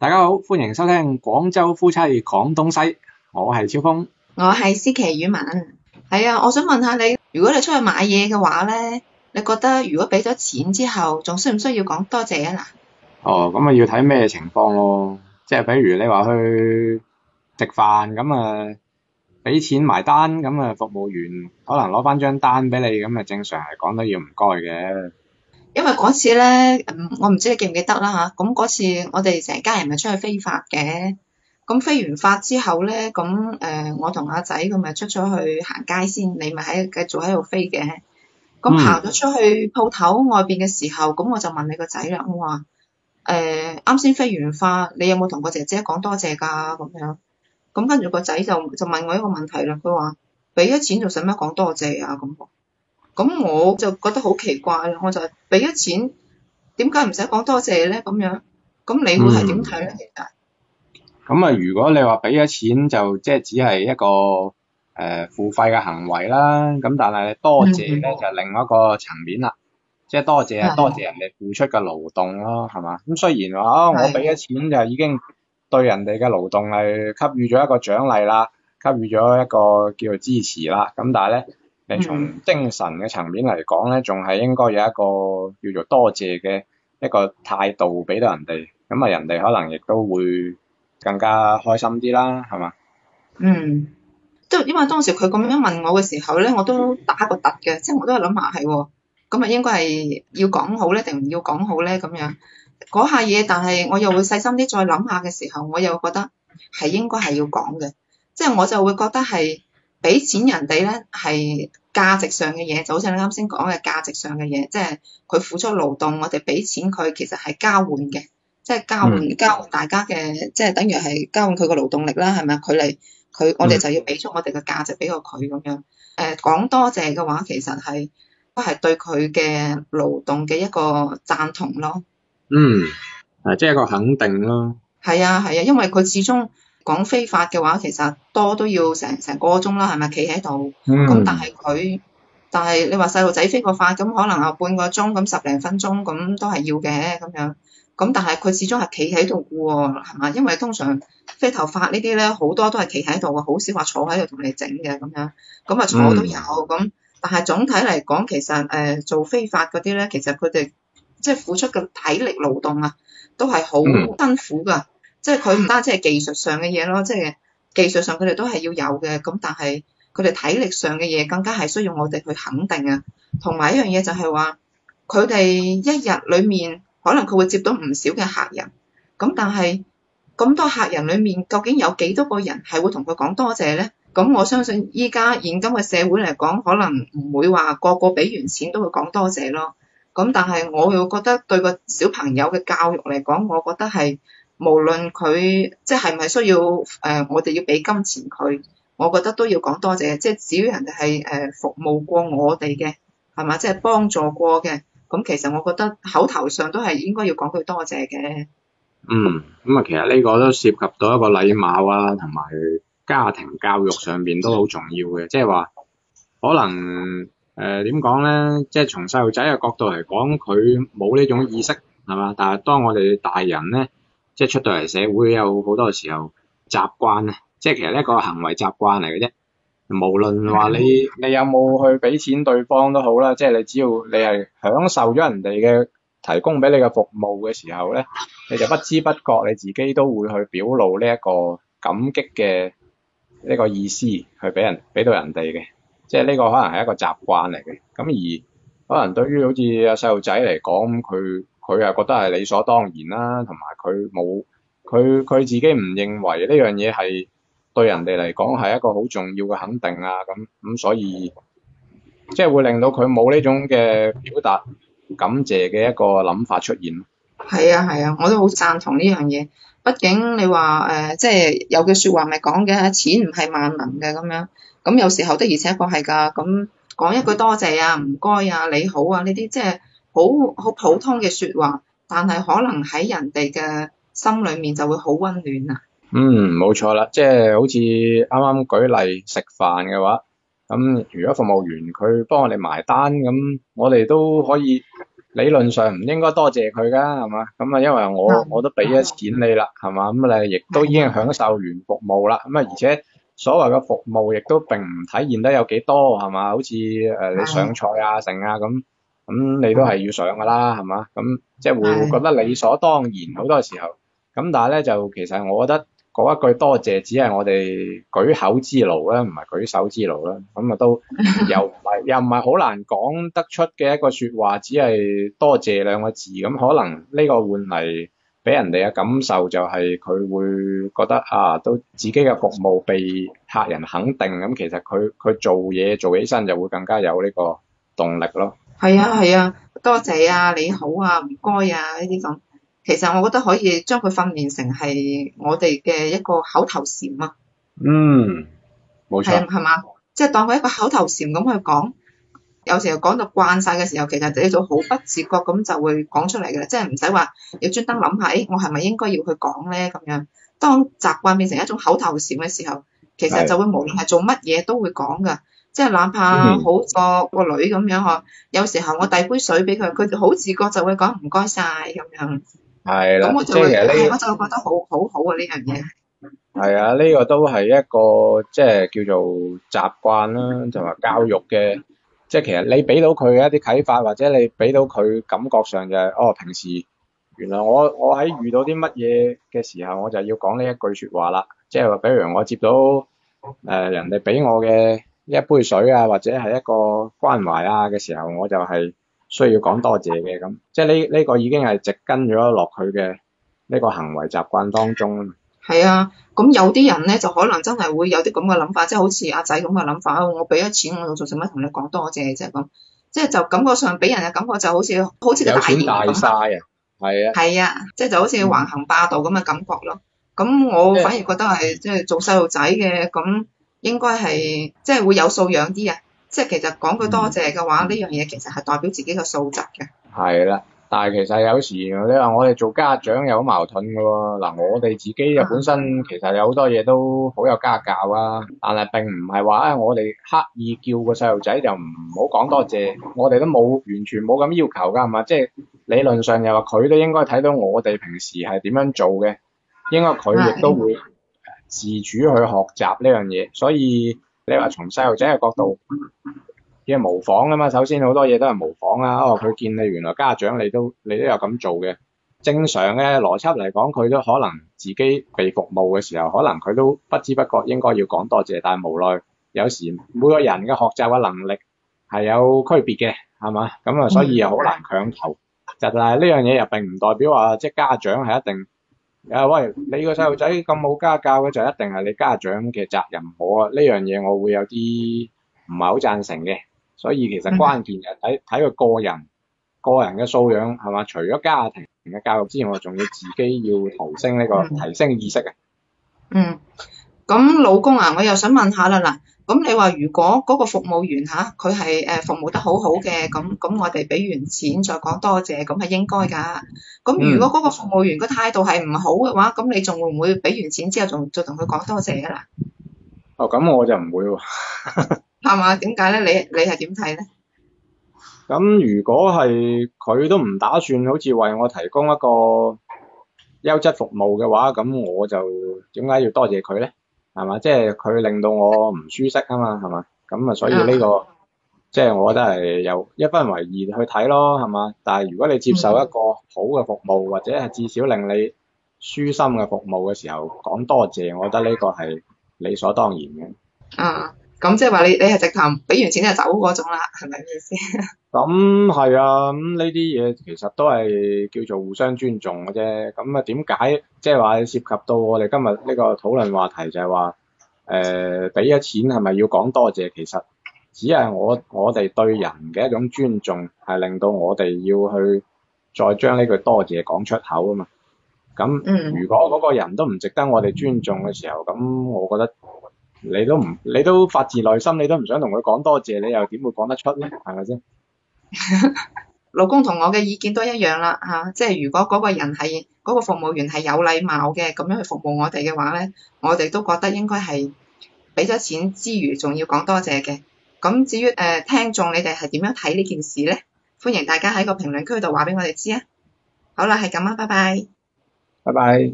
大家好，歡迎收聽廣州夫妻講東西，我係超峰，我係思琪宇文，係啊，我想問下你，如果你出去買嘢嘅話咧，你覺得如果俾咗錢之後，仲需唔需要講多謝啊嗱？哦，咁、嗯、啊、嗯、要睇咩情況咯，即係比如你話去食飯咁啊，俾錢埋單咁啊，服務員可能攞翻張單俾你，咁啊正常係講得要唔該嘅。因為嗰次咧，我唔知你記唔記得啦吓，咁、啊、嗰次我哋成家人咪出去飛髮嘅，咁飛完髮之後咧，咁誒、呃、我同阿、啊、仔咁咪出咗去行街先，你咪喺繼續喺度飛嘅，咁行咗出去鋪頭外邊嘅時候，咁我就問你個仔啦，我話誒啱先飛完髮，你有冇同個姐姐講多謝㗎咁樣，咁跟住個仔就就問我一個問題啦，佢話俾咗錢做使乜講多謝啊咁。咁我就覺得好奇怪啦，我就俾咗錢，點解唔使講多謝咧？咁樣，咁你會係點睇咧？其實咁啊，嗯嗯嗯嗯、如果你話俾咗錢就即係只係一個誒、呃、付費嘅行為啦，咁但係多謝咧就另一個層面啦，嗯嗯、即係多謝的多謝人哋付出嘅勞動咯，係嘛？咁雖然話、哦、我俾咗錢就已經對人哋嘅勞動係給予咗一個獎勵啦，給予咗一個叫做支持啦，咁但係咧。嚟從精神嘅層面嚟講咧，仲係應該有一個叫做多謝嘅一個態度俾到人哋，咁啊人哋可能亦都會更加開心啲啦，係嘛？嗯，都因為當時佢咁樣問我嘅時候咧，我都打個突嘅，即係我都係諗下係，咁啊應該係要講好咧，定唔要講好咧咁樣嗰下嘢，但係我又會細心啲再諗下嘅時候，我又覺得係應該係要講嘅，即係我就會覺得係。俾錢人哋咧，係價值上嘅嘢，就好似你啱先講嘅價值上嘅嘢，即係佢付出勞動，我哋俾錢佢，其實係交換嘅，即係交換、嗯、交換大家嘅，即係等於係交換佢個勞動力啦，係咪？佢嚟佢，我哋就要俾出我哋嘅價值俾個佢咁樣。誒、呃，講多謝嘅話，其實係都係對佢嘅勞動嘅一個贊同咯。嗯，誒，即係一個肯定咯。係啊係啊，因為佢始終。講飛髮嘅話，其實多都要成成個鐘啦，係咪？企喺度，咁、嗯、但係佢，但係你話細路仔飛個髮，咁可能啊半個鐘，咁十零分鐘，咁都係要嘅咁樣。咁但係佢始終係企喺度噶，係嘛？因為通常飛頭髮呢啲咧，好多都係企喺度，好少話坐喺度同你整嘅咁樣。咁啊坐都有，咁、嗯、但係總體嚟講，其實誒、呃、做飛髮嗰啲咧，其實佢哋即係付出嘅體力勞動啊，都係好辛苦噶。嗯即係佢唔單止係技術上嘅嘢咯，即係技術上佢哋都係要有嘅。咁但係佢哋體力上嘅嘢更加係需要我哋去肯定啊。同埋一樣嘢就係話，佢哋一日裡面可能佢會接到唔少嘅客人，咁但係咁多客人裡面究竟有幾多個人係會同佢講多謝咧？咁我相信依家現今嘅社會嚟講，可能唔會話個個俾完錢都會講多謝咯。咁但係我又覺得對個小朋友嘅教育嚟講，我覺得係。無論佢即係唔係需要誒、呃，我哋要俾金錢佢，我覺得都要講多謝。即係只要人哋係誒服務過我哋，嘅係嘛，即係幫助過嘅，咁其實我覺得口頭上都係應該要講句多謝嘅、嗯。嗯，咁啊，其實呢個都涉及到一個禮貌啊，同埋家庭教育上邊都好重要嘅。即係話可能誒點講咧，即係從細路仔嘅角度嚟講，佢冇呢種意識係嘛，但係當我哋大人咧。即係出到嚟社會有好多時候習慣咧，即係其實呢個行為習慣嚟嘅啫。無論話你你有冇去俾錢對方都好啦，即係你只要你係享受咗人哋嘅提供俾你嘅服務嘅時候咧，你就不知不覺你自己都會去表露呢一個感激嘅呢個意思去俾人俾到人哋嘅。即係呢個可能係一個習慣嚟嘅。咁而可能對於好似阿細路仔嚟講，佢佢又覺得係理所當然啦，同埋佢冇佢佢自己唔認為呢樣嘢係對人哋嚟講係一個好重要嘅肯定啊，咁咁所以即係會令到佢冇呢種嘅表達感謝嘅一個諗法出現。係啊係啊，我都好贊同呢樣嘢。畢竟你話誒、呃，即係有句説話咪講嘅，錢唔係萬能嘅咁樣。咁有時候的確確嘅，而且確係㗎。咁講一句多謝,謝啊，唔該啊，你好啊，呢啲即係。好好普通嘅說話，但係可能喺人哋嘅心裏面就會好溫暖啊。嗯，冇錯啦，即係好似啱啱舉例食飯嘅話，咁如果服務員佢幫我哋埋單，咁我哋都可以理論上唔應該多謝佢噶，係嘛？咁啊，因為我我都俾咗錢你啦，係嘛？咁你亦都已經享受完服務啦，咁啊，而且所謂嘅服務亦都並唔體現得有幾多，係嘛？好似誒你上菜啊剩啊咁。咁你都係要上噶啦，係嘛？咁即係會覺得理所當然，好多時候。咁但係咧就其實我覺得嗰一句多謝，只係我哋舉口之勞啦，唔係舉手之勞啦。咁啊都又唔係 又唔係好難講得出嘅一個說話，只係多謝兩個字。咁可能呢個換嚟俾人哋嘅感受就係佢會覺得啊，都自己嘅服務被客人肯定。咁其實佢佢做嘢做起身就會更加有呢個動力咯。係啊係啊，多謝啊，你好啊，唔該啊，呢啲咁，其實我覺得可以將佢訓練成係我哋嘅一個口頭禪啊。嗯，冇錯，係嘛，即係、就是、當佢一個口頭禪咁去講，有時候講到慣晒嘅時候，其實你就好不自覺咁就會講出嚟嘅啦，即係唔使話要專登諗下，誒、哎，我係咪應該要去講咧？咁樣，當習慣變成一種口頭禪嘅時候，其實就會無論係做乜嘢都會講噶。即係哪怕好過個女咁樣呵，嗯、有時候我遞杯水俾佢，佢好自覺就會講唔該晒咁樣。係啦的，咁我就、這個、我就覺得好好好啊呢樣嘢。係啊，呢、這個都係一個即係叫做習慣啦，就話教育嘅。嗯、即係其實你俾到佢嘅一啲啟發，或者你俾到佢感覺上就係、是、哦，平時原來我我喺遇到啲乜嘢嘅時候，我就要講呢一句說話啦。即係話，比如我接到誒、呃、人哋俾我嘅。一杯水啊，或者係一個關懷啊嘅時候，我就係需要講多謝嘅咁，即係呢呢個已經係植根咗落去嘅呢個行為習慣當中。係啊，咁有啲人咧就可能真係會有啲咁嘅諗法，即係好似阿仔咁嘅諗法啊，我俾咗錢，我做做做乜同你講多謝啫咁，即係，即係就感覺上俾人嘅感覺就好似好似有錢大曬啊，係啊，係啊，即係就好似橫行霸道咁嘅感覺咯。咁、嗯、我反而覺得係即係做細路仔嘅咁。應該係即係會有素養啲啊！即係其實講句多謝嘅話，呢、嗯、樣嘢其實係代表自己個素質嘅。係啦，但係其實有時你話我哋做家長又好矛盾噶喎。嗱，我哋自己又本身其實有好多嘢都好有家教啊，但係並唔係話誒，我哋刻意叫個細路仔就唔好講多謝，我哋都冇完全冇咁要求噶，係嘛？即係理論上又話佢都應該睇到我哋平時係點樣做嘅，應該佢亦都會。嗯嗯自主去學習呢樣嘢，所以你話從細路仔嘅角度，其實模仿啊嘛。首先好多嘢都係模仿啊。哦，佢見你原來家長你都你都有咁做嘅，正常嘅邏輯嚟講，佢都可能自己被服務嘅時候，可能佢都不知不覺應該要講多謝，但係無奈有時每個人嘅學習嘅能力係有區別嘅，係嘛？咁啊，所以又好難強求。就係呢樣嘢又並唔代表話即係家長係一定。誒，喂，你個細路仔咁冇家教嘅，就一定係你家長嘅責任唔好啊？我呢樣嘢我會有啲唔係好贊成嘅，所以其實關鍵就係睇佢個人個人嘅素養，係嘛？除咗家庭嘅教育之外，仲要自己要提升呢個提升意識嘅。嗯，咁老公啊，我又想問下啦嗱。咁你話如果嗰個服務員吓佢係誒服務得好好嘅，咁咁我哋俾完錢再講多謝，咁係應該噶。咁如果嗰個服務員個態度係唔好嘅話，咁你仲會唔會俾完錢之後仲再同佢講多謝噶喇？哦，咁我就唔會喎。係嘛？點解咧？你你係點睇咧？咁如果係佢都唔打算好似為我提供一個優質服務嘅話，咁我就點解要多謝佢咧？係嘛，即係佢令到我唔舒適啊嘛，係嘛，咁啊，所以呢個 Yeah. 即係我覺得係有一分為二去睇咯，係嘛。但係如果你接受一個好嘅服務，mm hmm. 或者係至少令你舒心嘅服務嘅時候，講多謝，我覺得呢個係理所當然嘅。啊、uh-huh. 咁即係話你你係直頭俾完錢就走嗰種啦，係咪意思？咁係、嗯、啊，咁呢啲嘢其實都係叫做互相尊重嘅啫。咁啊，點解即係話涉及到我哋今日呢個討論話題就係話，誒、呃，俾咗錢係咪要講多謝？其實只係我我哋對人嘅一種尊重，係令到我哋要去再將呢句多謝講出口啊嘛。咁如果嗰個人都唔值得我哋尊重嘅時候，咁我覺得。你都唔，你都發自內心，你都唔想同佢講多謝，你又點會講得出咧？係咪先？ 老公同我嘅意見都一樣啦，吓、啊，即係如果嗰個人係嗰、嗰個服務員係有禮貌嘅，咁樣去服務我哋嘅話咧，我哋都覺得應該係俾咗錢之餘，仲要講多謝嘅。咁至於誒、呃、聽眾，你哋係點樣睇呢件事咧？歡迎大家喺個評論區度話俾我哋知啊！好啦，係咁啦，拜拜，拜拜。